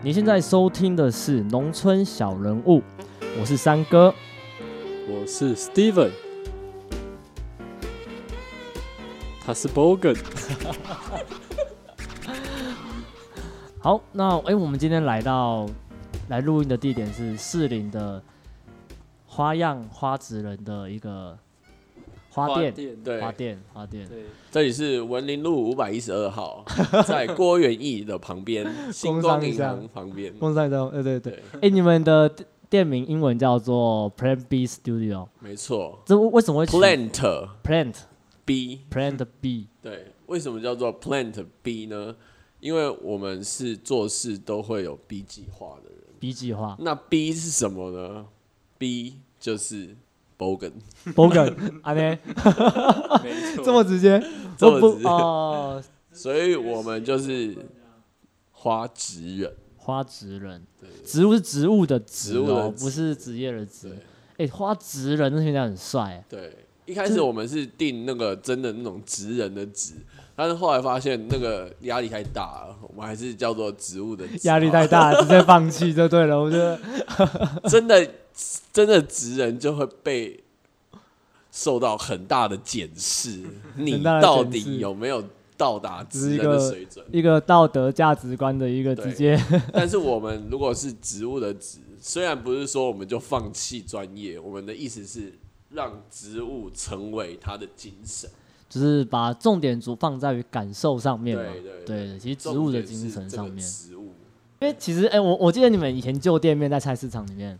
你現在收聽的是《農村小人物》，我是三哥，我是 Stephen，他是 Bogan。 好，那誒、欸，我們今天來到來錄音的地點是士林的花樣花植人的一個花店，花店對，對，花店，花店，這裡是文林路五百一十二號， 在郭元益的旁邊 工，工商銀行旁邊，工商銀行，對對對，哎、 欸，你們的店名英文叫做 Plant B Studio，沒錯，這為什麼會 Plant Plant B、嗯、Plant B？對，為什麼叫做 Plant B 呢？因為我們是做事都會有 B 計劃的人，B 計劃，那 B 是什麼呢？B 就是。Bogan Bogan 阿咩？哈哈哈哈哈，這麼直接，這麼，不這麼直接哦，所以我們就是花植人，花植人，對，植物是植物的植、喔、植物的植，不是職業的職，哎、欸，花植人那現在很帥、欸，對，一開始我們是定那個真的那種植人的植。但是後來發現那個壓力太大了，我們還是叫做植物的職，壓力太大， 直接放棄就對了。我覺得 真的真的職人就會被受到很大的檢視，你到底有沒有到達職人的水準一？一個道德價值觀的一個直接。 但是我們如果是植物的職，雖然不是說我們就放棄專業，我們的意思是讓植物成為他的精神。就是把重點組放在於感受上面嘛，對，對，對，對。其實植物的精神上面，因為其實，哎、欸，我我記得你們以前舊店面在菜市場裡面，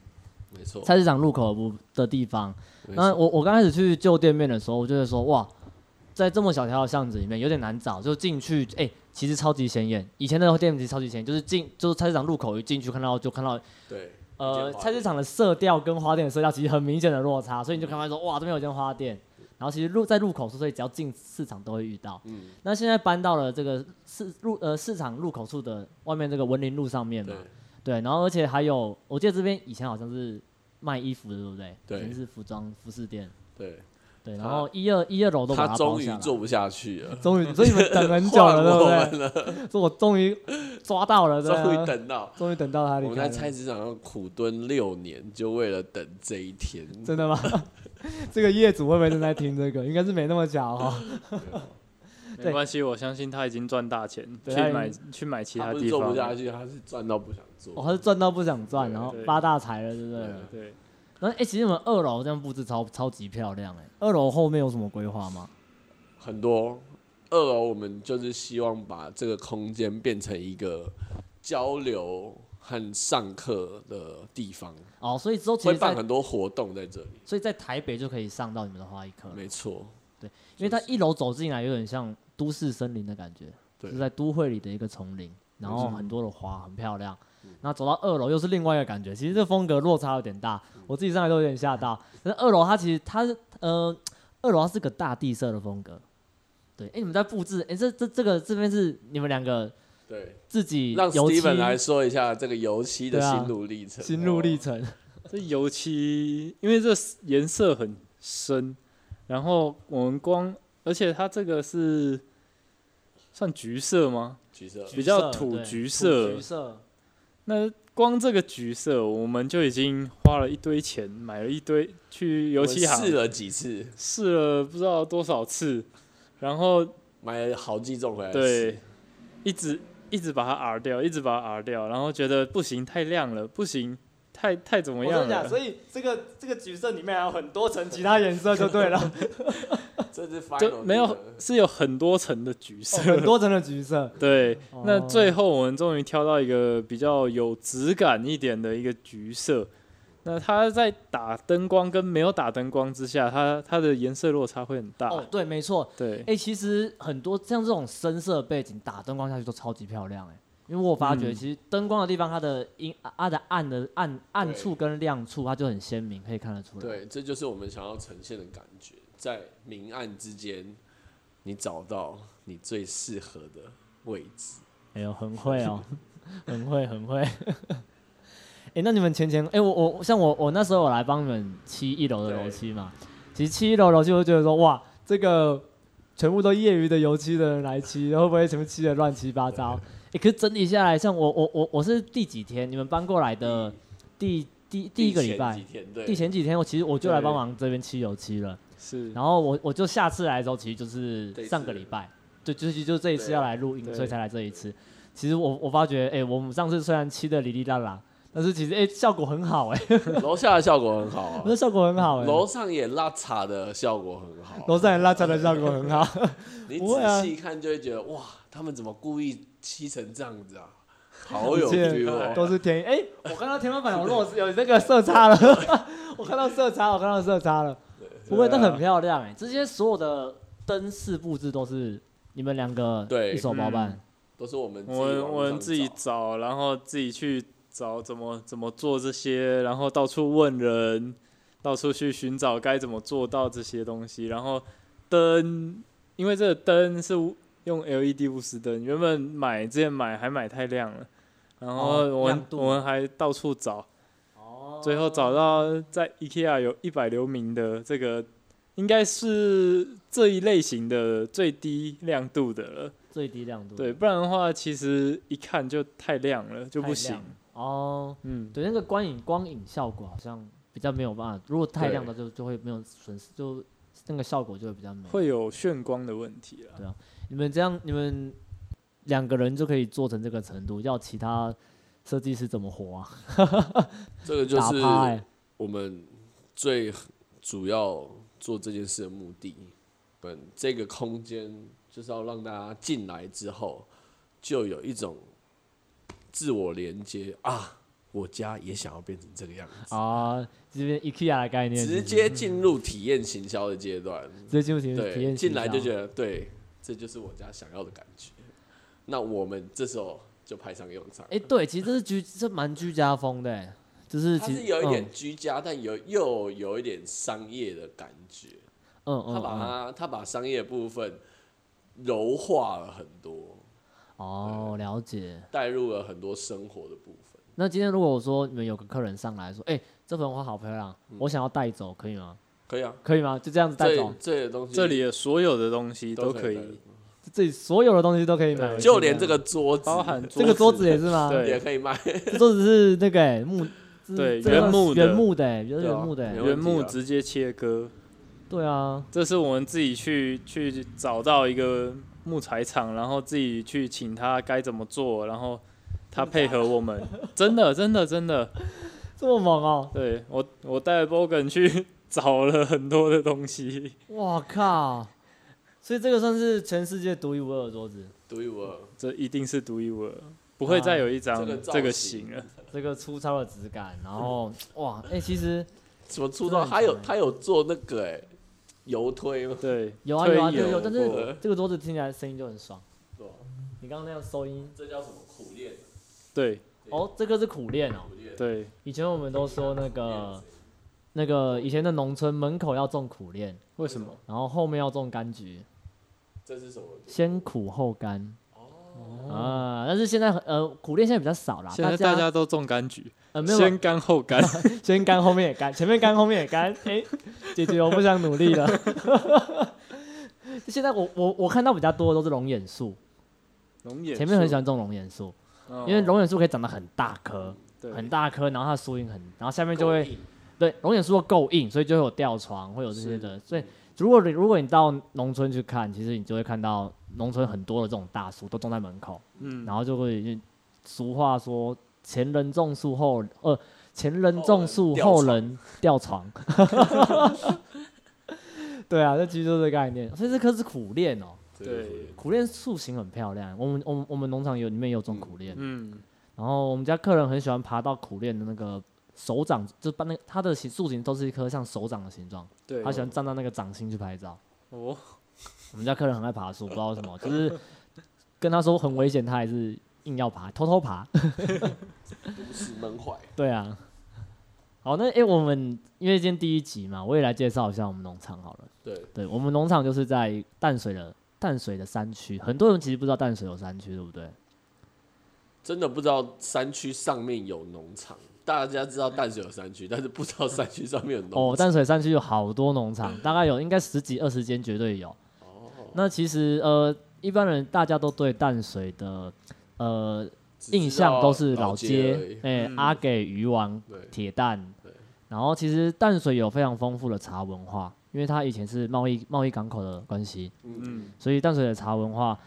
沒錯，菜市場入口的地方。那我我剛開始去舊店面的時候，我就會說，哇，在這麼小條的巷子裡面有點難找，就進去，哎、欸，其實超級顯眼。以前那店面是超級顯眼，就是進就是菜市場入口一進去看到就看到，對，呃，菜市場的色調跟花店的色調其實很明顯的落差，所以你就看到說，嗯、哇，這邊有間花店。然後其實路在入口處，所以只要進市場都會遇到。嗯，那現在搬到了這個市入呃市場入口處的外面這個文林路上面嘛對。對，然後而且還有，我記得這邊以前好像是賣衣服的，對不對？對，以前是服裝服飾店。對。然後一二一二、啊、樓都把他他終於做不下去了，終於，所以你們等很久了， 了對不對說，所以我終於抓到了、啊，終於等到，終於等到他離開。我們在菜市場要苦蹲六年，就為了等這一天，真的嗎？ 這個業主會不會正在聽這個？應該是沒那麼巧哦 。沒關係 對，我相信他已經賺大錢，對去買去買、嗯、去買其他地方、啊他不是做不下去。他是賺到不想做，哦、他是賺到不想賺，然後發大財了，對不對？對。對那哎、欸，其實我們二樓這樣佈置超超級漂亮哎、欸！二樓後面有什麼規劃嗎？很多，二樓我們就是希望把這個空間變成一個交流和上課的地方哦。所以之後其實會辦很多活動在這裡。所以在台北就可以上到你們的花藝課，沒錯，對，因為它一樓走進來有點像都市森林的感覺，就是在都會裡的一個叢林，然後很多的花很漂亮。就是嗯然後走到二樓又是另外一個感覺，其實這風格落差有點大，我自己上來都有點嚇到。那二樓它其實它是呃，二樓它是個大地色的風格。對，哎，你們在布置，哎，這這這個這邊是你們兩個對自己對，讓 Stephen 來說一下這個油漆的心路歷程。啊、心路歷程，哦、這油漆因為這顏色很深，然後我們光而且它這個是算橘色嗎？橘色，比較土橘色。那光這個橘色，我們就已經花了一堆錢，買了一堆去油漆行試了幾次，試了不知道多少次，然後買了好幾種回來，對，一直一直把它 R 掉，一直把它 R 掉，然後覺得不行，太亮了，不行，太太怎麼樣了？所以這個這個橘色裡面還有很多層其他顏色，就對了。 這就沒有是有很多層的橘色，oh, 很多層的橘色。 對，oh. 那最後我們終於挑到一個比較有質感一點的一個橘色。那它在打燈光跟沒有打燈光之下，它它的顏色落差會很大。哦、oh,，對，沒錯。對，哎，其實很多像這種深色背景打燈光下去都超級漂亮、欸，哎，因為我發覺其實燈光的地方，它的陰它、嗯啊啊、的暗的暗暗處跟亮處，它就很鮮明，可以看得出來。對，這就是我們想要呈現的感覺。在明暗之間，你找到你最適合的位置。哎呦，很會哦， 很會，很會。哎、 欸，那你們前前，哎、欸，我我像我我那時候我來幫你們漆一樓的樓梯嘛。其實漆一樓樓梯，我就覺得說，哇，這個全部都業餘的油漆的人來漆， 會不會全部漆的亂七八糟？哎、欸，可是整理下來，像我我我我是第幾天？你們搬過來的第第第，第，第一個禮拜，第前幾天，我其實我就來幫忙這邊漆油漆了。是，然後我我就下次來的時候，其實就是上個禮拜，就就就這一次要來錄音，啊、所以才來這一次。其實我我發覺，哎、欸，我們上次雖然漆得哩哩啦啦，但是其實哎、欸、效果很好，哎、欸，樓下的效果很好、欸，那 效果很好，哎、欸，樓上也拉茶的效果很好，樓上也拉茶的效果很好。你仔細看就會覺得，哇，他們怎麼故意漆成這樣子啊？好有趣哦 而且， 都是天哎，哎天我看到天花板有落有那個色差了， 我看到色差，我看到色差了。不會，都、啊、很漂亮誒、欸，這些所有的燈飾布置都是你們兩個對一手包辦？嗯、都是我們自己。我們我們自己找，然後自己去找怎麼怎麼做這些，然後到處問人，到處去尋找該怎麼做到這些東西。然後燈，因為這個燈是用 LED 鎢絲燈，原本買之前買還買太亮了，然後我們、哦、我們還到處找。最後找到在 IKEA 有一百流明的這個，應該是這一類型的最低亮度的了，最低亮度。對，不然的話，其實一看就太亮了，就不行。哦，oh, 嗯，對，那個光影、光影效果好像比較沒有辦法。如果太亮了，就、就會沒有損失，就那個效果就會比較沒有。會有眩光的問題了，啊。對啊，你們這樣，你們兩個人就可以做成這個程度，要其他，設計師怎麼活啊？ 這個就是我們最主要做這件事的目的。本這個空間就是要讓大家進來之後就有一種自我連接啊，我家也想要變成這個樣子啊。這邊 IKEA 的概念，直接進入體驗行銷的階段，直接進入體驗。對，體驗，進來就覺得，對，這就是我家想要的感覺。那我們這時候。就派上用場。哎，對，其實這是居，這蠻居家風的，就是其實是有一點居家，嗯、但有又有一點商業的感覺。嗯嗯。他把他、嗯、把商業部分柔化了很多。哦，了解。帶入了很多生活的部分。那今天如果我說你們有個客人上來說，哎、欸，這盆花好漂亮，嗯、我想要帶走，可以嗎？可以啊，可以嗎？就這樣子帶走。這裡、這裡的東西，這裡的所有的東西都可以。這所有的東西都可以買，就連這個桌子，包含桌子，這個桌子也是嗎？對，也可以賣。桌子是那個、欸、木，對，原木，原木的，原木的、欸啊原木的欸啊，原木直接切割。對啊，這是我們自己去去找到一個木材廠，然後自己去請他該怎麼做，然後他配合我們。真的假的，真的，真的，真的，這麼猛啊，哦？對，我我帶了 Bogan 去找了很多的東西。哇靠！所以這個算是全世界獨一無二的桌子，獨一無二，這一定是獨一無二，不會再有一張這個型了、啊，這個粗糙的質感，然後哇、欸，哎其實，什麼粗糙？他有他有做那個哎，油推嗎？對，有啊有啊，啊、對有。但是這個桌子聽起來聲音就很爽，對你剛剛那樣收音，這叫什麼苦楝？對，哦，這個是苦楝哦。對，以前我們都說那個那個，那個以前的農村門口要種苦楝，為什麼？然後後面要種柑橘。這是什麼？先苦後甘哦，啊、呃，但是現在呃苦練現在比較少啦，現在大家都種柑橘，呃沒有先甘後甘，先甘後， 後面也甘，前面甘後面也甘。哎、欸，姐 姐我不想努力了。 現在我我我看到比較多的都是龍眼樹，龍眼樹前面很喜歡種龍眼樹，哦，因為龍眼樹可以長得很大棵，嗯，很大棵，然後它的樹蔭很，然後下面就會對龍眼樹夠硬，所以就會有吊床，會有這些的，所以。如果你如果你到農村去看，其實你就會看到農村很多的這種大樹，嗯，都種在門口，嗯，然後就會俗話說，前人種樹後，呃前人種樹後人，後人，後人吊床，吊床 對啊，這其實就是這概念。所以這棵是苦楝哦，對，苦楝樹形很漂亮。我們我們我們農場有裡面有種苦楝，嗯，嗯，然後我們家客人很喜歡爬到苦楝的那個。手掌就把那它、個、的形樹形都是一顆像手掌的形狀，哦，他喜歡站在那個掌心去拍照。哦、oh.，我們家客人很愛爬樹， 不知道為什麼，就是跟他說很危險，他還是硬要爬，偷偷爬。 不是悶悶壞。 對啊，好，那哎、欸，我們因為今天第一集嘛，我也來介紹一下我們農場好了。對，對我們農場就是在淡水的淡水的山區，很多人其實不知道淡水有山區，對不對？真的不知道山區上面有農場。大家知道淡水有山區，但是不知道山區上面有農場。哦、oh,，淡水山區有好多農場， 大概有應該十幾二十間，絕對有。Oh. 那其實呃，一般人大家都對淡水的呃印象都是老街，哎、欸、嗯、阿給魚王鐵、嗯、蛋，然後其實淡水有非常豐富的茶文化，因為它以前是貿易貿易港口的關係，嗯，嗯，所以淡水的茶文化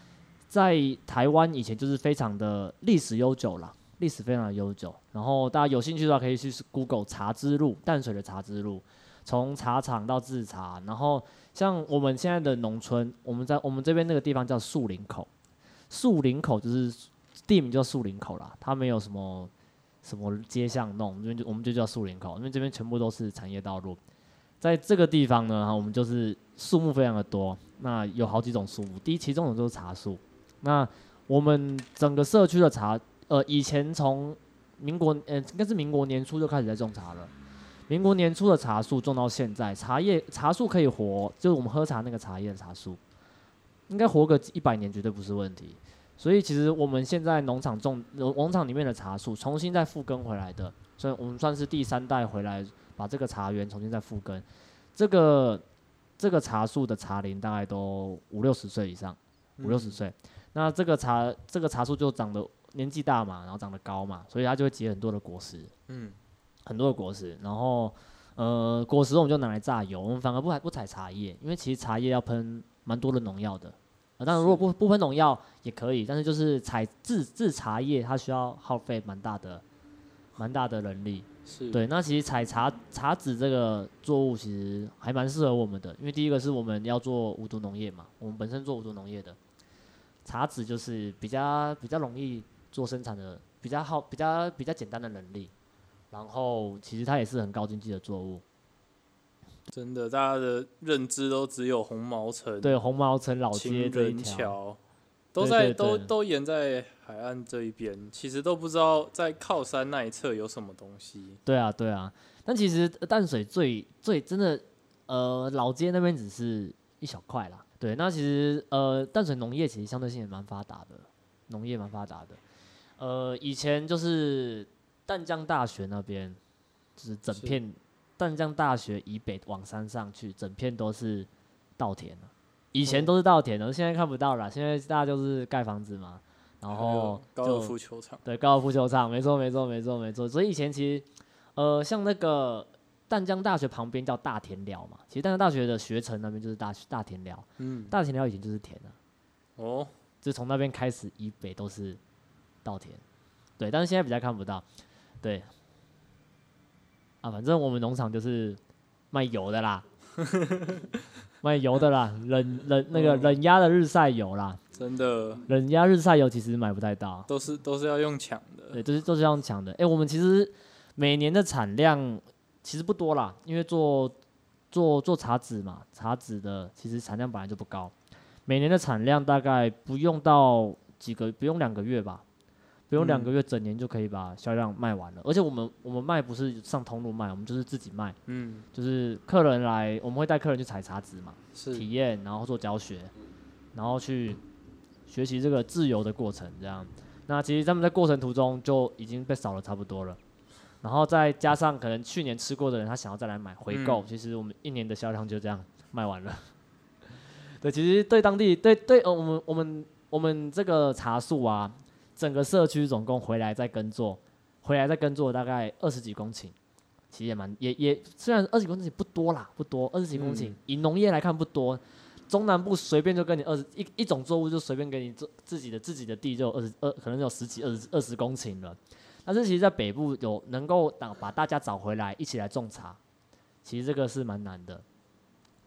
在台灣以前就是非常的歷史悠久了。歷史非常的悠久，然後大家有興趣的話，可以去 Google 茶之路，淡水的茶之路，從茶廠到製茶。然後像我們現在的農村，我們在我們這邊那個地方叫樹林口，樹林口就是地名叫樹林口啦。它沒有什麼什麼街巷弄，我們就叫樹林口，因為這邊全部都是產業道路。在這個地方呢，我們就是樹木非常的多，那有好幾種樹木，第一其中一種就是茶樹。那我們整個社區的茶。呃，以前從民國，呃，應該是民國年初就開始在種茶了。民國年初的茶樹種到現在，茶葉茶樹可以活，就是我們喝茶那個茶葉的茶樹，應該活個一百年絕對不是問題。所以其實我們現在農場種農農場裡面的茶樹，重新再復耕回來的，所以我們算是第三代回來，把這個茶園重新再復耕。這個這個茶樹的茶齡大概都五六十歲以上，五六十歲。那這個茶這個茶樹就長得。年紀大嘛，然後長得高嘛，所以它就會結很多的果實，嗯，很多的果實，然後呃，果實我們就拿來榨油，我們反而不不採茶葉，因為其實茶葉要噴蠻多的農藥的，呃、當然如果不不噴農藥也可以，但是就是採制制茶葉它需要耗費蠻大的，蠻大的人力，是，對，那其實採茶茶籽這個作物其實還蠻適合我們的，因為第一個是我們要做無毒農業嘛，我們本身做無毒農業的，茶籽就是比較比較容易，做生產的比較好，比較比較簡單的能力。然後，其實它也是很高經濟的作物。真的，大家的認知都只有紅毛城，對紅毛城老街這一條，情人橋，都在對對對都都沿在海岸這一邊。其實都不知道在靠山那一側有什麼東西。對啊，對啊。但其實淡水最最真的，呃，老街那邊只是一小塊啦。對，那其實呃，淡水農業其實相對性也蠻發達的，農業蠻發達的。呃，以前就是淡江大學那邊，就是整片淡江大學以北往山上去，整片都是稻田。以前都是稻田的，嗯，現在看不到了。現在大家就是蓋房子嘛，然後高爾夫球場，對，高爾夫球場，沒錯，沒錯，沒錯，沒錯。所以以前其實，呃，像那個淡江大學旁邊叫大田寮嘛，其實淡江大學的學城那邊就是大大田寮，嗯，大田寮以前就是田了，哦，就從那邊開始以北都是。稻田，對，但是現在比較看不到，對，啊，反正我們農場就是賣油的啦， 賣油的啦，冷冷那個冷壓的日曬油啦，真的冷壓日曬油其實買不太到，啊，都是都是要用搶的，對，都是都是要用搶的。哎、欸，我們其實每年的產量其實不多啦，因為做做做茶籽嘛，茶籽的其實產量本來就不高，每年的產量大概不用到幾個，不用兩個月吧。不用兩個月，整年就可以把銷量賣完了。嗯、而且我們我們賣不是上通路賣，我們就是自己賣。嗯，就是客人來，我們會帶客人去採茶籽嘛，是體驗，然後做教學，然後去學習這個自由的過程。這樣，那其實他們在過程途中就已經被掃了差不多了。然後再加上可能去年吃過的人，他想要再來買、嗯、回購。其實我們一年的銷量就這樣賣完了。 對，其實對當地對對呃，我們我們我們這個茶樹啊。整個社區總共回來再耕作，回來再耕作大概二十幾公頃，其實也蠻也也雖然二十幾公頃不多啦，不多二十幾公頃、嗯、以農業來看不多，中南部隨便就跟你二十一一種作物就隨便給你做自己的自己的地就二十二可能有十幾二十二十公頃了，但是其實在北部有能夠打把大家找回來一起來種茶，其實這個是蠻難的，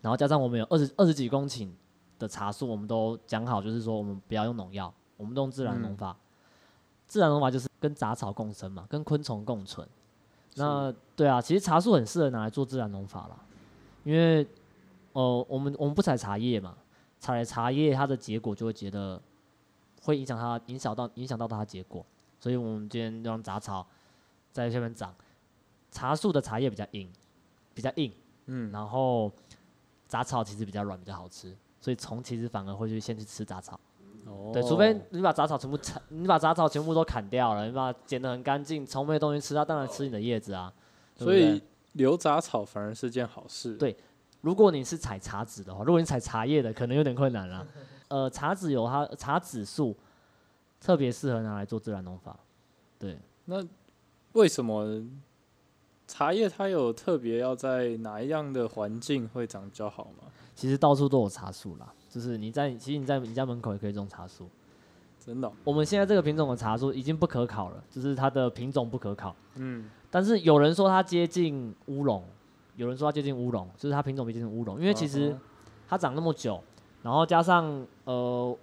然後加上我們有二十二十幾公頃的茶樹，我們都講好就是說我們不要用農藥，我們都用自然農法。嗯自然農法就是跟雜草共生嘛，跟昆蟲共存。那對啊，其實茶樹很適合拿來做自然農法了，因為，哦、呃，我們我們不採茶葉嘛，採了茶葉它的結果就會覺得會影響它，影響到影響到它的結果。所以我們今天讓雜草在下面長，茶樹的茶葉比較硬，比較硬，嗯，然後雜草其實比較軟，比較好吃，所以蟲其實反而會去先去吃雜草。對，除非你把雜草全部鏟，你把雜草全部都砍掉了，你把它剪得很乾淨從沒東西吃，它當然吃你的葉子啊。對，對，所以留雜草反而是件好事。對，如果你是採茶籽的話，如果你採茶葉的，可能有點困難啦。呃，茶籽有它茶籽樹，特別適合拿來做自然農法。對，那為什麼茶葉它有特別要在哪一樣的環境會長比較好嗎？其實到處都有茶樹啦。就是你在，其實你在你家門口也可以種茶樹，真的。我們現在這個品種的茶樹已經不可考了，就是它的品種不可考。嗯。但是有人說它接近烏龍，有人說它接近烏龍，就是它品種接近烏龍。因為其實它長那麼久，然後加上呃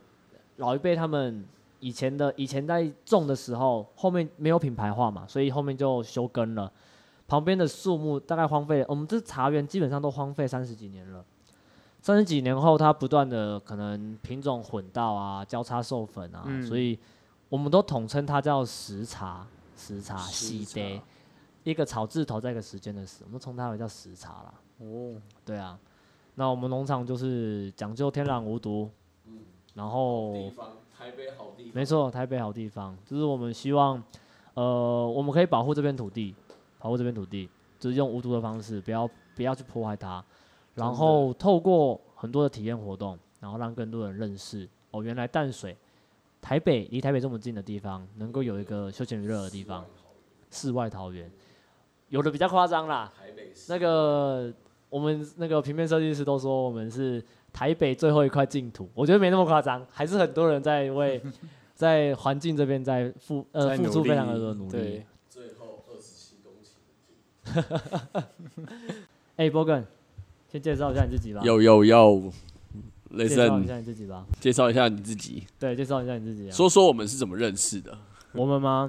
老一輩他們以前的以前在種的時候，後面沒有品牌化嘛，所以後面就休耕了。旁邊的樹木大概荒廢了，我們這茶園基本上都荒廢三十幾年了。三十幾年後，它不斷的可能品種混到啊，交叉授粉啊，嗯，所以我們都統稱它叫蒔茶，蒔茶西茶，一個草字頭，再一個時間的時，我們稱它為叫蒔茶啦。哦，對啊，那我們農場就是講究天然無毒，嗯，然後地方台北好地方，沒錯，台北好地方，就是我們希望，呃，我們可以保護這邊土地，保護這邊土地，就是用無毒的方式，不要不要去破壞它。然後透過很多的體驗活動，然後讓更多人認識哦，原來淡水、台北離台北這麼近的地方，能夠有一個休閒娛樂的地方，世外桃源，世外桃源。有的比較誇張啦，那個我們那個平面設計師都說我們是台北最後一塊淨土，我覺得沒那麼誇張，還是很多人在為 在環境這邊在付呃在付出非常多的努力。努力。最後二十七公頃。哎、 欸，Bogan。先介紹一下你自己吧。有有有，Listen，介紹一下你自己吧。介紹一下你自己。對，介紹一下你自己啊。說說我們是怎麼認識的？我們嗎？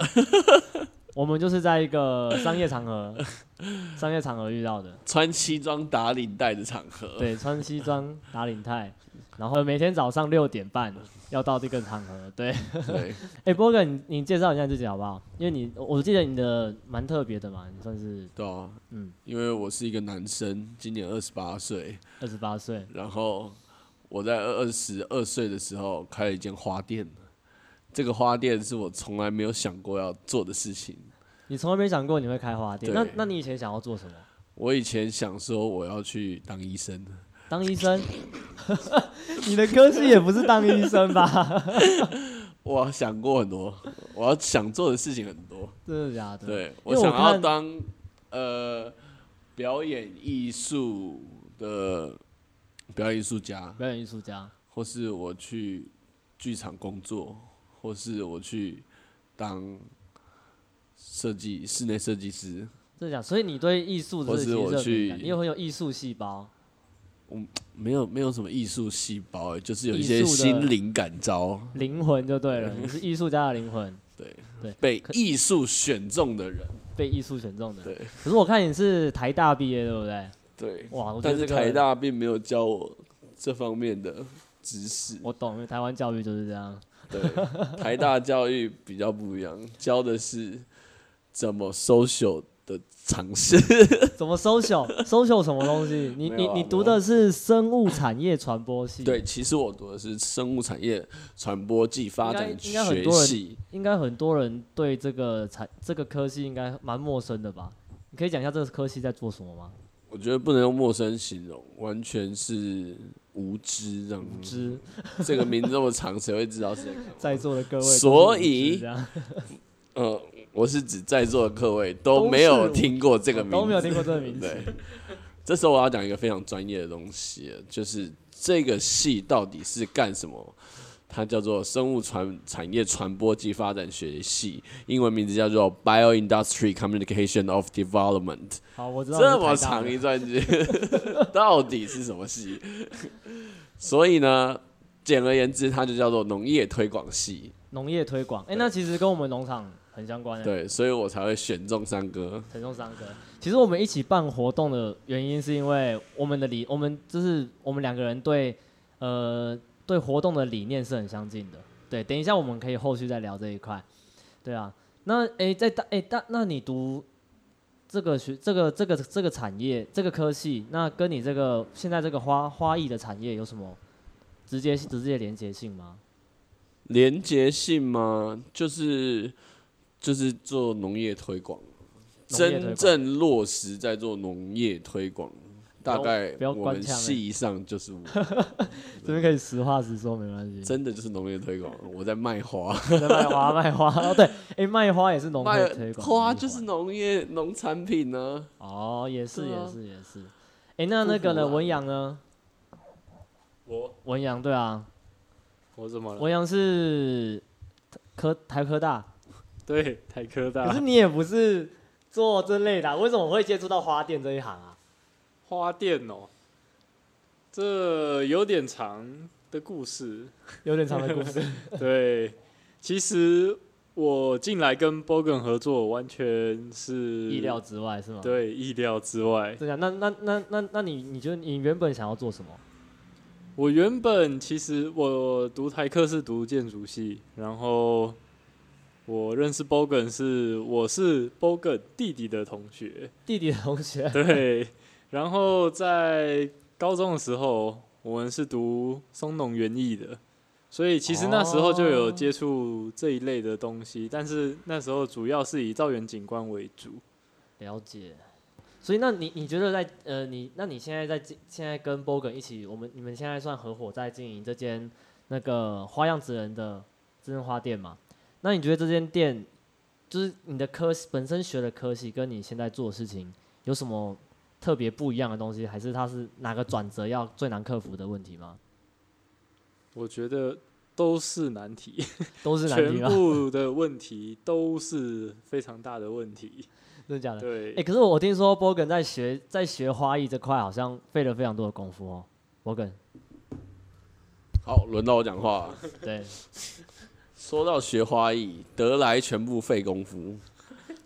我們就是在一個商業場合、 商業場合遇到的，穿西裝打領帶的場合。對，穿西裝打領帶， 然後每天早上六點半要到這個場合。對，對，哎、欸嗯，波哥你，你介紹一下自己好不好？因為你我記得你的蠻特別的嘛，你算是。對啊，嗯，因為我是一個男生，今年二十八歲。二十八歲。然後我在二十二歲的時候開了一間花店。這個花店是我從來沒有想過要做的事情。你從來沒想過你會開花店？那那你以前想要做什麼？我以前想說我要去當醫生。當醫生？ 你的科系也不是當醫生吧？ 我想過很多，我要想做的事情很多。真的假的？對，我想要當呃表演藝術的表演藝術家，表演藝術家，或是我去劇場工作。或是我去當設計室內設計師，這樣。所以你對藝術，或是我去，你有很有藝術細胞。我沒有，沒有什麼藝術細胞，欸，就是有一些心靈感召，靈魂就對了。對。你是藝術家的靈魂，對，對，被藝術選中的人，被藝術選中的人。人。可是我看你是台大畢業，對不對？對。哇、這個，但是台大並沒有教我這方面的知識。我懂，臺灣教育就是這樣。 對，台大教育比較不一樣，教的是怎麼 social 的常識。 怎麼 social？social social 什麼東西？你、 啊、你你讀的是生物產業傳播系？ 對，其實我讀的是生物產業傳播暨發展學系。應該很，很多人對這個產這個科系應該蠻陌生的吧？你可以講一下這個科系在做什麼嗎？我覺得不能用陌生形容，完全是。無知這樣，讓知，這個名字這麼長，誰 會知道？在座的各位，所以、呃、我是指在座的各位都沒有聽過這個名字，這字對， 這時候我要講一個非常專業的東西，就是這個戲到底是幹什麼？它叫做生物傳產業傳播暨發展學系，英文名字叫做 Bio Industry Communication of Development。好，我知道了這麼長一段時間 到底是什麼系？ 所以呢，簡而言之，它就叫做農業推廣系。農業推廣，哎、欸，那其實跟我們農場很相關。對，所以我才會選中三哥。選中三哥，其實我們一起辦活動的原因是因為我們的理，我們就是我們兩個人，對，呃。對活動的理念是很相近的，對，等一下我們可以後續再聊這一塊，對啊，那誒，在大誒，大，那你讀這個學這個這個這個產業這個科系，那跟你這個現在這個花花藝的產業有什麼直接直接連接性嗎？連接性嗎？就是就是做農業推廣，農業推廣，真正落實在做農業推廣。大概、哦不要官腔，欸、我們系上就是我， 這邊可以實話實說，沒關係。真的就是農業推廣，我在賣花， 在賣花賣花。哦、oh,，對，哎、欸，賣花也是農業推廣，花就是農業農 產品呢、啊。哦，也是也是、啊、也是。哎、欸，那那個呢，文陽呢？我文陽，對啊，我怎麼了？文陽是科台科大， 對台科大。可是你也不是做這類的、啊，為什麼我會接觸到花店這一行啊？花店哦、喔，這有點長的故事，有點長的故事。 對，其實我進來跟 Bogan 合作，完全是意料之外。是嗎？對，意料之外、嗯那。那那那那那你你，覺得你原本想要做什麼？我原本其實我讀台科是讀建築系，然後我認識 Bogan 是我是 Bogan 弟弟的同學，弟弟的同學，對。然後在高中的時候，我們是讀松農園藝的，所以其實那時候就有接觸這一類的東西，哦、但是那時候主要是以造園景觀為主。了解，所以那你你覺得在呃你那你現在在現在跟波根一起，我們你們現在算合夥在經營這間那個花樣植人的真花店嘛？那你覺得這間店就是你的科本身學的科系，跟你現在做的事情有什麼？特別不一樣的東西，還是他是哪個轉折要最難克服的問題嗎？我覺得都是難題，都是難題，全部的問題都是非常大的問題， 真的假的？對。哎、欸，可是我聽說波根在學在學花藝這塊，好像費了非常多的功夫哦、喔。波根，好，輪到我講話。 對，說到學花藝，得來全部費功夫。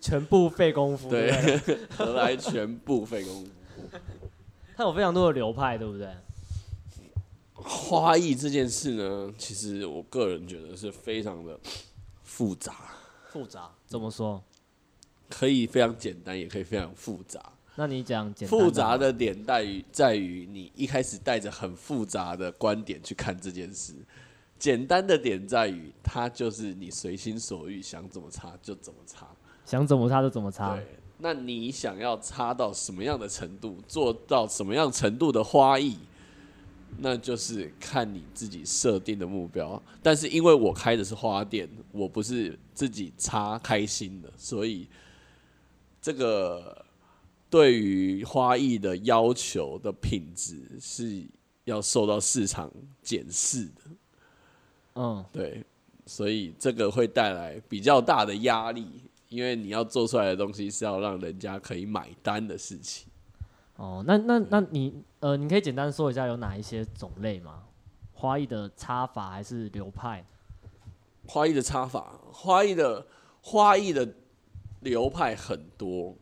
全部費功夫，對，得 來全部費功夫？它 有非常多的流派，對不對？花藝這件事呢，其實我個人覺得是非常的複雜。複雜？怎麼說？可以非常簡單，也可以非常複雜。那你講簡複雜的點在於在於你一開始帶着很複雜的觀點去看這件事；簡單的點在於它就是你隨心所欲，想怎麼插就怎麼插。想怎麼插就怎麼插。對，那你想要插到什麼樣的程度，做到什麼樣程度的花藝，那就是看你自己設定的目標。但是因為我開的是花店，我不是自己插開心的，所以這個對於花藝的要求的品質是要受到市場檢視的。嗯，對，所以這個會帶來比較大的壓力。因為你要做出來的東西是要讓人家可以買單的事情。哦，那那那你呃，你可以簡單說一下有哪一些種類嗎？花藝的插法還是流派？花藝的插法，花藝的花藝的流派很多。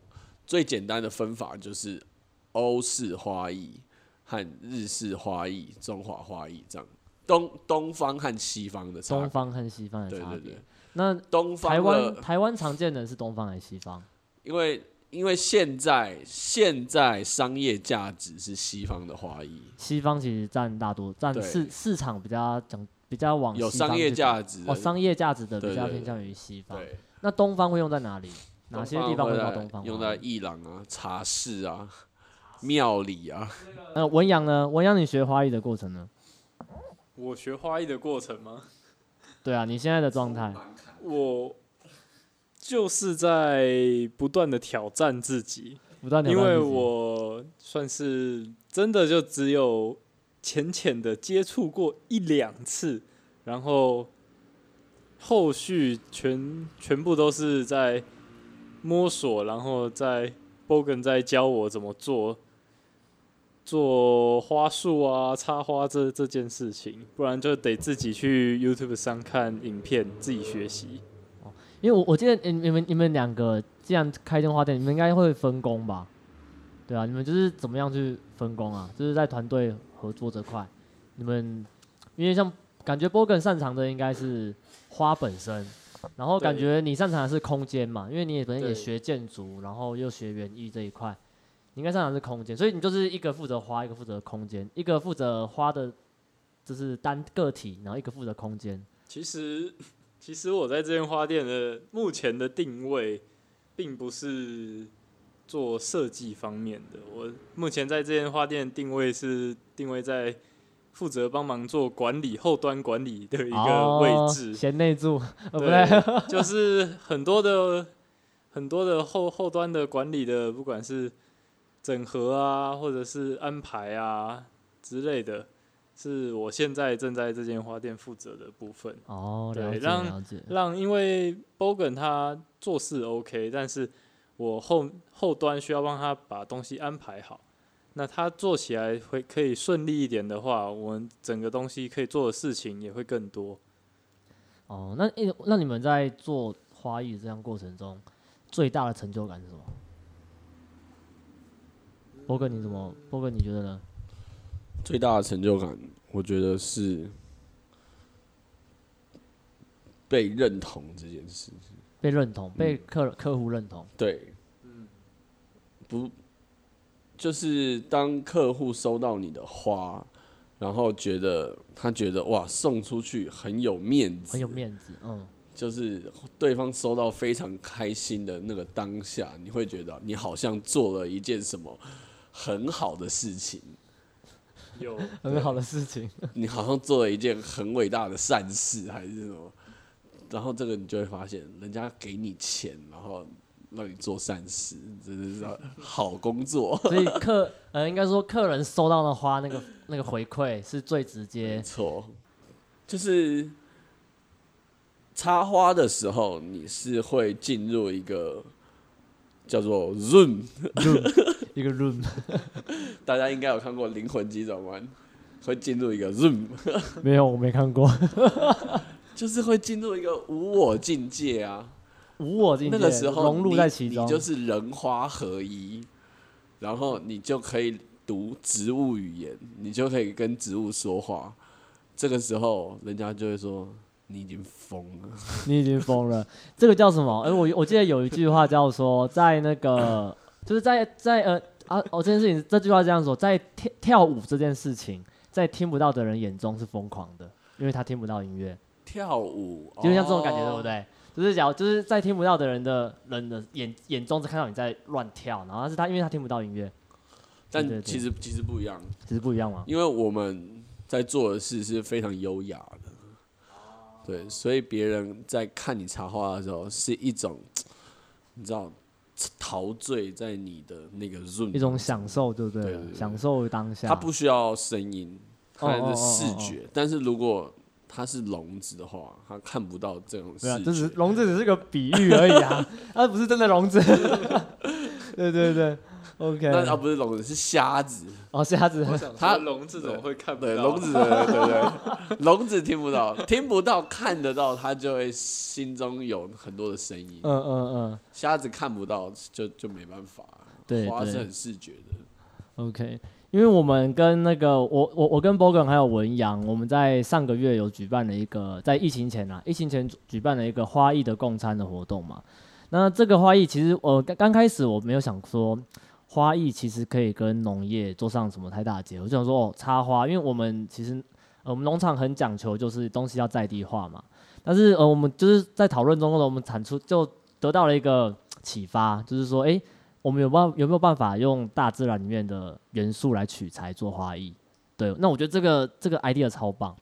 最簡單的分法就是歐式花藝和日式花藝、中華花藝這樣。東東方和西方的差別，東方和西方的差別，對對對。那東方台灣台灣常見的是東方還是西方？因為因為現在現在商業價值是西方的花藝。嗯，西方其實占大多占市，市場比較整比較往有商業價值哦，商業價值的比較偏向於西方，對對對。那東方會用在哪裡？哪些地方會用到東方？用在藝廊啊、茶室啊、廟裡啊。那文揚呢？文揚，你學花藝的過程呢？我學花藝的過程嗎？對啊，你現在的狀態。我就是在不斷的挑戰，不斷挑戰自己，因為我算是真的就只有淺淺的接觸過一兩次，然後後續全全部都是在摸索，然後在 Bogan 在教我怎麼做。做花束啊，插花、這這件事情，不然就得自己去 YouTube 上看影片，自己學習。哦，因為我我記得你們你們你們兩個既然開一間花店，你們應該會分工吧？對啊，你們就是怎麼樣去分工啊？就是在團隊合作這塊，你們因為像感覺 Bogan 擅長的應該是花本身，然後感覺你擅長的是空間嘛，因為你本身也學建築，然後又學園藝這一塊。應該上場是空間，所以你就是一個負責花，一個負責空間，一個負責花的，就是單個體，然後一個負責空間。其實，其實我在這間花店的目前的定位，並不是做設計方面的。我目前在這間花店定位是定位在負責幫忙做管理後端管理的一個位置，賢內助，對， 就是很多的很多的後後端的管理的，不管是。整合啊，或者是安排啊之類的，是我現在正在這間花店負責的部分。哦，了解對，讓了解讓，因為 Bogan 他做事 OK，但是我後後端需要幫他把東西安排好。那他做起來會可以順利一點的話，我們整個東西可以做的事情也會更多。哦，那那你們在做花藝這樣過程中，最大的成就感是什麼？波哥，你怎麼？波哥，你覺得呢？最大的成就感，我覺得是被認同這件事。被認同，被客、嗯、客戶認同。對，嗯，不，就是當客戶收到你的花，然後覺得他覺得哇，送出去很有面子，很有面子，嗯，就是對方收到非常開心的那個當下，你會覺得你好像做了一件什麼。很好的事情，有很好的事情。你好像做了一件很偉大的善事，還是什麼？然後這個你就會發現，人家給你錢，然後讓你做善事，這是好工作？ 所以客呃，應該說客人收到的花，那個那個回饋是最直接。沒錯，就是插花的時候，你是會進入一個。叫做 zoom， 一個 zoom， 大家應該有看過《靈魂急轉彎》，會進入一個 zoom， 沒有，我沒看過 ，就是會進入一個無我境界啊，無我境界，那個時候你融入在其中，就是人花合一，然後你就可以讀植物語言，你就可以跟植物說話，這個時候人家就會說。你已經瘋了 你已經瘋了。 這個叫什麼？哎、呃，我我記得有一句話叫說，在那個 就是在在，在呃啊哦，這件事情這句話這樣說，在跳跳舞這件事情，在聽不到的人眼中是瘋狂的，因為他聽不到音樂。跳舞，就是，像這種感覺，哦，對不對？就是講，就是在聽不到的人的人的眼眼中，只看到你在亂跳，然後是他，因為他聽不到音樂。但對對對其實其實不一樣，其實不一樣嘛，因為我們在做的事是非常優雅的。對，所以別人在看你插花的時候是一種，你知道，陶醉在你的那個潤，一種享受，對不對，對，對，對，對？享受當下，他不需要聲音，他是視覺哦哦哦哦。但是如果他是聾子的話，他看不到這種事。對啊，就是聾子，只是個比喻而已啊，他、 啊、不是真的聾子。 對對對，OK。但是 它不是聾子是瞎子，哦瞎子，他聾子怎麼會看不到、啊？對，聾子對對對，對，聾 子聽不到，聽不到看得到，他就會心中有很多的聲音。嗯嗯嗯，瞎、嗯、子看不到就就沒辦法、啊，對，對花是很視覺的。OK，因為我們跟那個我我我跟 Bogan 還有文揚，我們在上個月有舉辦了一個在疫情前啊，疫情前舉辦了一個花藝的共餐的活動嘛。那這個花藝其實，呃，剛剛開始我沒有想說花藝其實可以跟農業做上什麼太大結合，我就想說哦，插花，因為我們其實，呃，我們農場很講求就是東西要在地化嘛。但是，呃，我們就是在討論中呢，我們產出就得到了一個啟發，就是說，哎、欸，我們有辦有沒有辦法用大自然裡面的元素來取材做花藝？對，那我覺得這個這個 idea 超棒，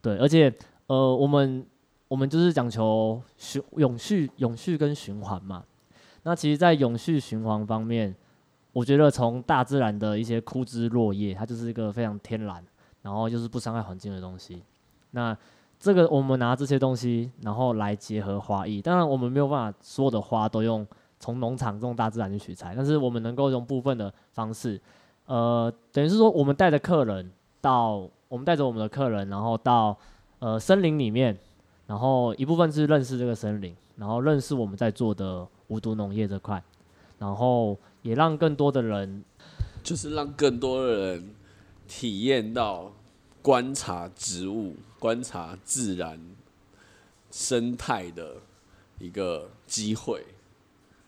對，而且，呃，我們。我們就是講求永永續、永續跟循環嘛。那其實，在永續循環方面，我覺得從大自然的一些枯枝落葉，它就是一個非常天然，然後就是不傷害環境的東西。那這個我們拿這些東西，然後來結合花藝。當然，我們沒有辦法所有的花都用從農場、從大自然去取材，但是我們能夠用部分的方式，呃，等於是說，我們帶着客人到，我們帶着我們的客人，然後到呃森林裡面。然後一部分是認識這個森林，然後認識我們在做的無毒農業這塊，然後也讓更多的人，就是讓更多的人體驗到觀察植物、觀察自然生態的一個機會。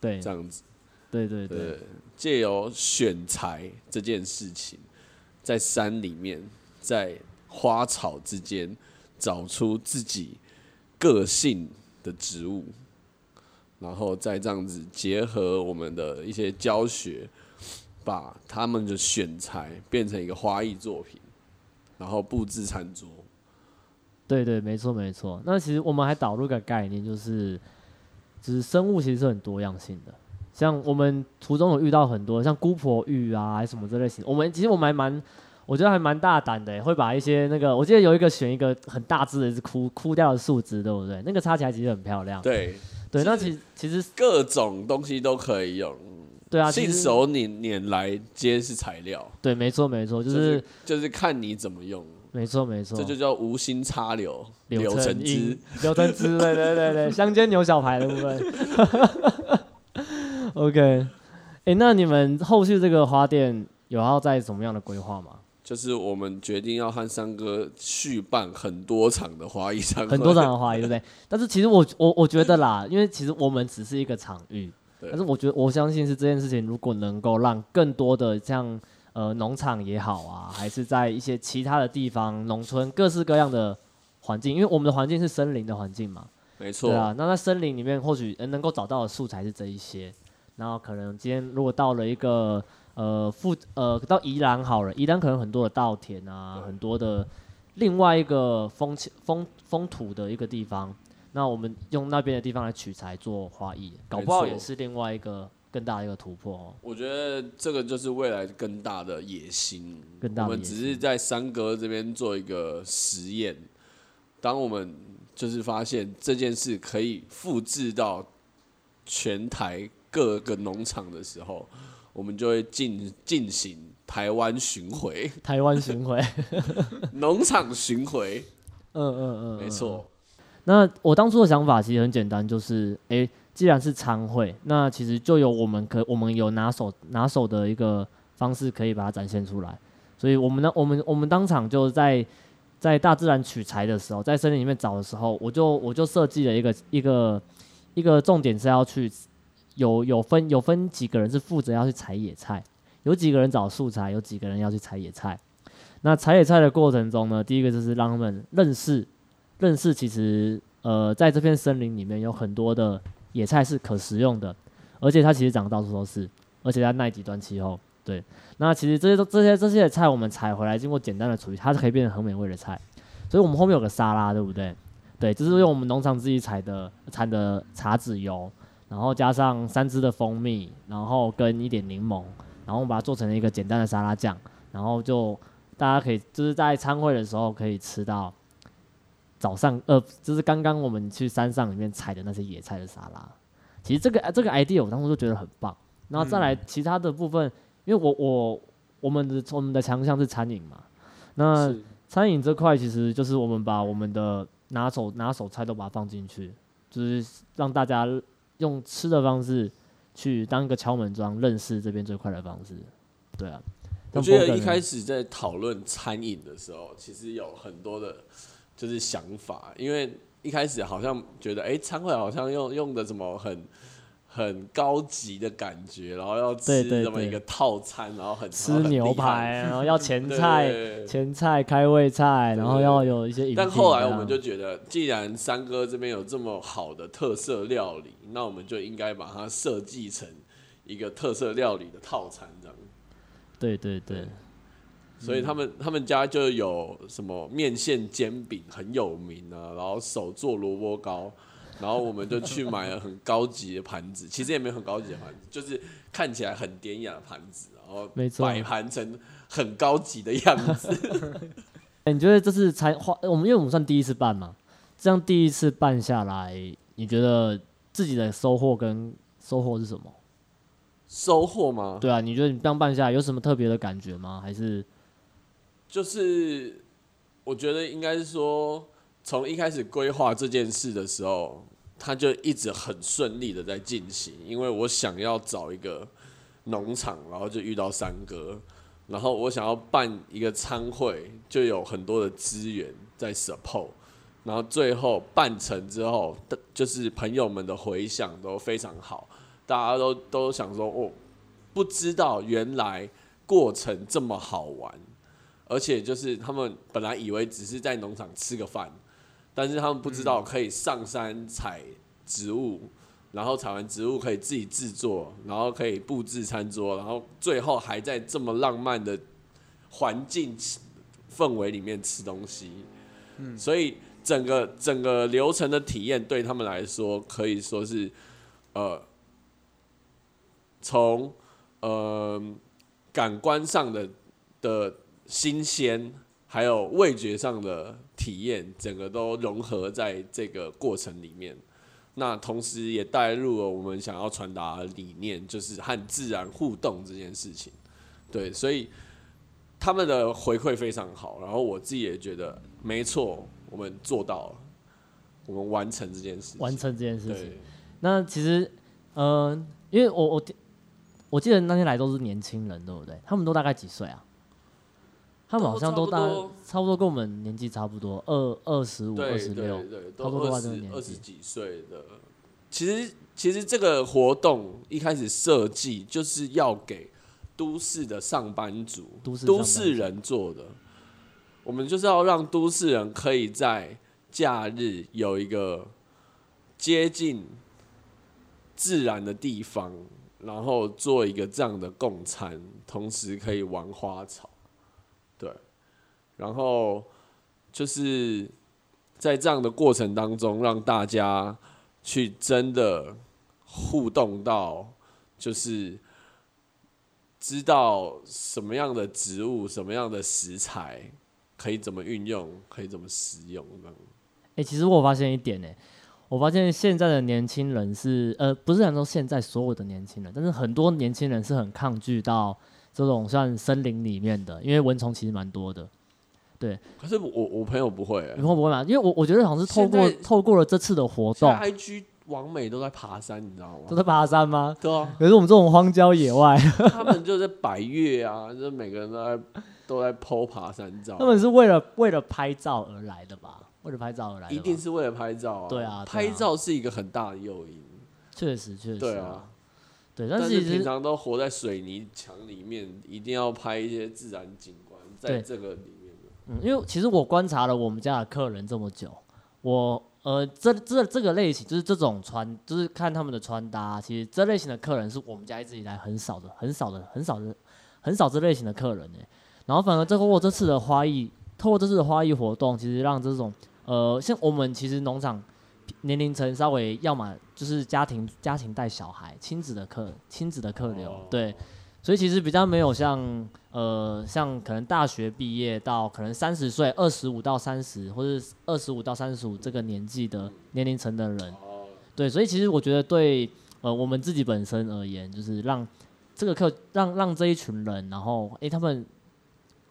對，這樣子。對對對。嗯，借由選材這件事情，在山裡面，在花草之間找出自己個性的植物，然後再這樣子結合我們的一些教學，把他們的選材變成一個花藝作品，然後佈置餐桌。對對，沒錯沒錯。那其實我們還導入一個概念，就是，就是生物其實是很多樣性的。像我們途中有遇到很多像姑婆芋啊，什麼這類型的。我們其實我們還蠻。我覺得還蠻大膽的、欸，會把一些那個，我記得有一個選一個很大枝的是枯枯掉的樹枝，對不對？那個插起來其實很漂亮。對對，那其實其實各種東西都可以用。對啊，信手你拈來皆是材料。對，沒錯沒錯，就是、就是、就是看你怎麼用。沒錯沒錯，這就叫無心插柳柳成枝，柳成枝， 對對對對，香煎牛小排的部分。 OK，哎、欸，那你們後續這個花店有要在什麼樣的規劃嗎？就是我們決定要和三哥續辦很多場的花藝三，很多場的花藝，對 不對？但是其實我我我覺得啦，因為其實我們只是一個場域，嗯、但是我覺得我相信是這件事情如果能夠讓更多的像呃農場也好啊，還是在一些其他的地方、農村各式各樣的環境，因為我們的環境是森林的環境嘛，沒錯啊。那在森林裡面，或許能夠找到的素材是這一些，然後可能今天如果到了一個。呃，副呃到宜蘭好了，宜蘭可能很多的稻田啊，很多的另外一個風情風風土的一個地方，那我們用那邊的地方來取材做花藝，搞不好也是另外一個更大的一個突破哦。我覺得這個就是未來更大的野心，更大的野心，我們只是在三哥這邊做一個實驗。當我們就是發現這件事可以複製到全台各個農場的時候。我們就會進進行台灣巡回，台灣巡回，農 場巡回、 嗯，嗯嗯嗯，沒錯。那我當初的想法其實很簡單，就是，哎、欸，既然是餐會，那其實就有我們可我們有拿手拿手的一個方式可以把它展現出來。所以我，我們呢，我們我們當場就在在大自然取材的時候，在森林裡面找的時候，我就我就設計了一個一個一個重點是要去。有有分有分幾個人是負責要去採野菜，有幾個人找素材，有幾個人要去採野菜。那採野菜的過程中呢，第一個就是讓他們認識認識，其實呃，在這片森林裡面有很多的野菜是可食用的，而且它其實長得到處都是，而且它耐極端氣候。對，那其實這些這些這些菜我們採回來經過簡單的處理，它是可以變成很美味的菜。所以我們後面有個沙拉，對不對？對，這、就是用我們農場自己採的產的茶籽油。然後加上三哥的蜂蜜，然後跟一點檸檬，然後我們把它做成了一個簡單的沙拉醬，然後就大家可以就是在餐會的時候可以吃到早上呃，就是剛剛我們去山上裡面採的那些野菜的沙拉。其實這個、啊、這個 idea 我當時就覺得很棒。那再來其他的部分，因為我我我們的我們的強項是餐飲嘛，那餐飲這塊其實就是我們把我們的拿手拿手菜都把它放進去，就是讓大家。用吃的方式去當一個敲門磚，認識這邊最快的方式，對啊。我覺得一開始在討論餐飲的時候，其實有很多的，就是想法，因為一開始好像覺得，哎、欸，餐會好像用用的什麼很。很高級的感覺，然後要吃這麼一個套餐，對對對，然後很，然後很吃牛排，然後要前菜、 對對對，前菜、開胃菜，然後要有一些，對對對。但後來我們就覺得，既然三哥這邊有這麼好的特色料理，那我們就應該把它設計成一個特色料理的套餐這樣。對對對，嗯，所以他們他們家就有什麼麵線煎餅很有名啊，然後手做蘿蔔糕。 然後我們就去買了很高級的盤子，其實也沒有很高級的盤子，就是看起來很典雅的盤子，然後擺盤成很高級的樣子。 欸，你覺得這次才花我們，因為我們算第一次辦嘛，這樣第一次辦下來，你覺得自己的收穫跟收穫是什麼？收穫嗎？對啊，你覺得你這樣辦下來有什麼特別的感覺嗎？還是就是我覺得應該是說，從一開始規劃這件事的時候。他就一直很順利的在進行，因為我想要找一個農場，然後就遇到三哥，然後我想要辦一個餐會，就有很多的資源在 support，然後最後辦成之後，就是朋友們的回響都非常好，大家都都想說，我、哦、不知道原來過程這麼好玩，而且就是他們本來以為只是在農場吃個飯。但是他們不知道可以上山採植物，嗯、然後採完植物可以自己製作，然後可以布置餐桌，然後最後還在這麼浪漫的環境氛圍裡面吃東西。嗯、所以整個整個流程的體驗對他們來說可以說是，呃，從呃感官上的的新鮮，還有味覺上的。體驗整個都融合在這個過程裡面，那同時也帶入了我們想要傳達的理念，就是和自然互動這件事情。對，所以他們的回饋非常好，然後我自己也覺得沒錯，我們做到了，我們完成這件事，完成這件事情。對。那其實，嗯、呃，因為我我我記得那天來都是年輕人，對不對？他們都大概幾歲啊？他們好像都大都差不多，差不多跟我們年紀差不多，二二十五、二十六，差不多都是二十幾歲的。其實，其實這個活動一開始設計就是要給都市的上班族，都市上班族、都市人做的。我們就是要讓都市人可以在假日有一個接近自然的地方，然後做一個這樣的共餐，同時可以玩花草。然後就是在這樣的過程當中，讓大家去真的互動到，就是知道什麼樣的植物、什麼樣的食材可以怎麼運用，可以怎麼使用。哎、欸，其實我發現一點呢、欸，我發現現在的年輕人是呃，不是講說現在所有的年輕人，但是很多年輕人是很抗拒到這種像森林裡面的，因為蚊蟲其實蠻多的。對，可是我我朋友不會、欸，你朋友不會嘛？因為我我覺得好像是透過透過了這次的活動在，IG 網美都在爬山，你知道嗎？都在爬山嗎？對啊。可是我們這種荒郊野外，他們就在百岳啊， 就是每個人都在都在 po 爬山照、啊。他們是為了為了拍照而來的吧？為了拍照而來的吧，一定是為了拍照啊！對啊，對啊，拍照是一個很大的誘因。確實，確實，對啊，對。但是平常都活在水泥牆裡面，一定要拍一些自然景觀，在這個裡面。嗯，因為其實我觀察了我們家的客人這麼久，我呃這這這個類型就是這種穿，就是看他們的穿搭，其實這類型的客人是我們家一直以來很少的，很少的，很少的，很少這類型的客人，欸。然後反而透過這次的花藝，透過這次的花藝活動，其實讓這種呃像我們其實農場年齡層稍微要麼就是家庭家庭帶小孩親子的客親子的客流對。所以其實比較沒有像呃像可能大學畢業到可能三十歲二十五到三十或是二十五到三十五這個年紀的年齡層的人，對，所以其實我覺得對呃我們自己本身而言，就是讓這個課讓讓這一群人，然後誒、欸，他們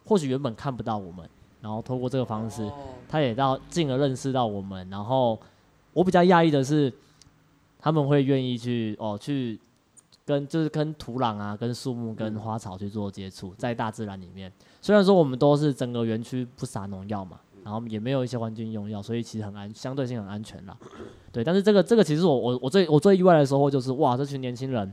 或許原本看不到我們，然後通過這個方式，他也到進而認識到我們，然後我比較訝異的是他們會願意去哦去。跟就是跟土壤啊，跟樹木、跟花草去做接觸，在大自然裡面，雖然說我們都是整個園區不撒農藥嘛，然後也沒有一些環境用藥，所以其實很安，相對性很安全啦。對，但是這個這個其實我我我最我最意外的收穫就是，哇，這群年輕人，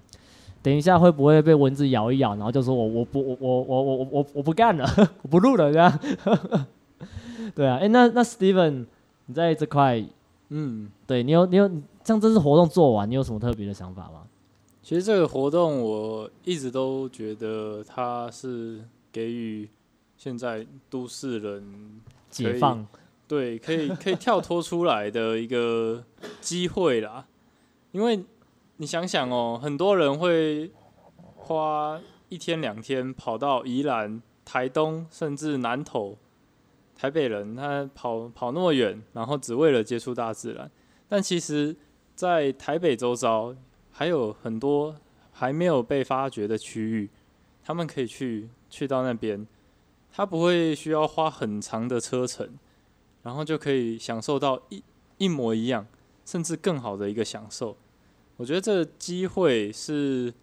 等一下會不會被蚊子咬一咬，然後就說，我我不我我我我我我不幹了，我不錄了，對 吧？ 對啊，哎、欸，那那 Stephen，你在這塊，嗯，對你有你有像這次活動做完，你有什麼特別的想法嗎？其實這個活動我一直都覺得它是給予現在都市人解放，對，可以可以跳脫出來的一個機會啦。 因為你想想哦，很多人會花一天兩天跑到宜蘭、台東，甚至南投，台北人他跑跑那麼遠，然後只為了接觸大自然。但其實，在台北周遭。還有很多還沒有被發掘的區域，他們可以去去到那邊，他不會需要花很長的車程，然後就可以享受到一一模一樣，甚至更好的一個享受。我覺得這機會是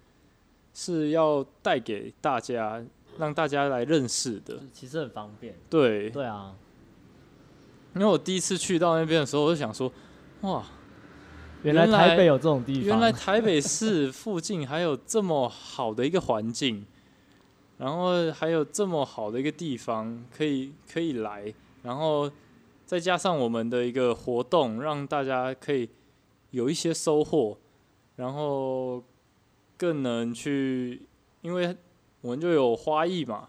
是要帶給大家，讓大家來認識的。其實很方便。對。對啊，因為我第一次去到那邊的時候，我就想說，哇。原來，原來台北有這種地方。原來台北市附近還有這麼好的一個環境， 然後還有這麼好的一個地方可以可以來，然後再加上我們的一個活動，讓大家可以有一些收穫，然後更能去，因為我們就有花藝嘛。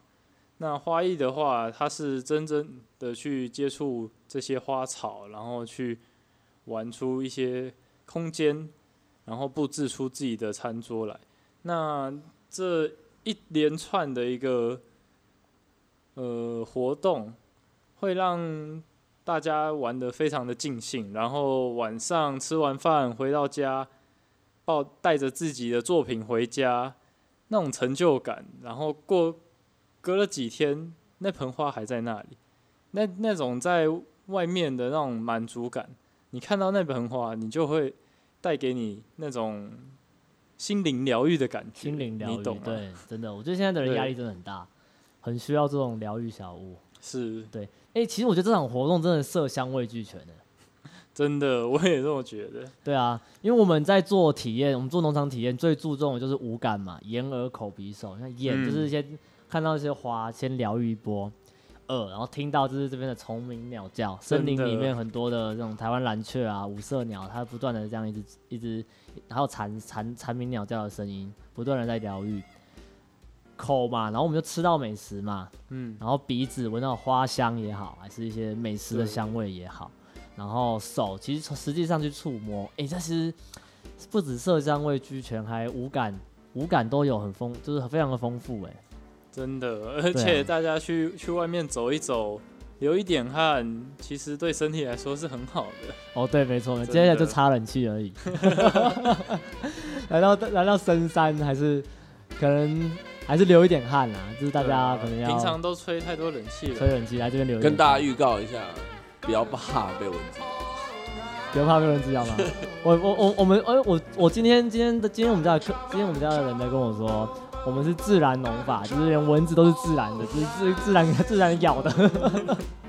那花藝的話，它是真正的去接觸這些花草，然後去玩出一些。空間，然後佈置出自己的餐桌來。那這一連串的一個呃活動，會讓大家玩得非常的盡興。然後晚上吃完飯回到家，抱帶着自己的作品回家，那種成就感。然後過隔了幾天，那盆花還在那裡，那那種在外面的那種滿足感。你看到那盆花，你就會帶給你那種心靈療癒的感覺。心靈療癒，對，真的。我覺得現在的人壓力真的很大，很需要這種療癒小屋。是，對。哎、欸，其實我覺得這場活動真的色香味俱全的。真的，我也這麼覺得。對啊，因為我們在做體驗，我們做農場體驗最注重的就是五感嘛，眼、耳、口、鼻、手。像眼就是先看到一些花，嗯、先療癒一波。呃，然後聽到就是這邊的蟲鳴鳥叫，森林裡面很多的這種台灣藍雀啊、五色鳥，它不斷的這樣一直、一直然後蟬蟬蟬鳴鳥叫的聲音，不斷的在療癒口嘛，然後我們就吃到美食嘛，嗯，然後鼻子聞到花香也好，還是一些美食的香味也好，然後手其實實際上去觸摸，哎，這其實不止色香味俱全，還五感五感都有很豐，就是非常的豐富、欸，哎。真的，而且大家去，啊、去外面走一走，流一點汗，其實對身體來說是很好的。哦，oh，對，沒錯，接下來就插冷氣而已。 來到來到深山，還是可能還是流一點汗啊，就是大家可能要，平常都吹太多冷氣了。吹冷氣來這邊流汗。跟大家預告一下，不 要怕被蚊子，不要怕被蚊子，知道嗎？我我我我們哎，欸，我我今天今天的今天我們家的今天我們家的人在跟我說。我們是自然農法，就是連蚊子都是自然的，就是自自然自然咬的。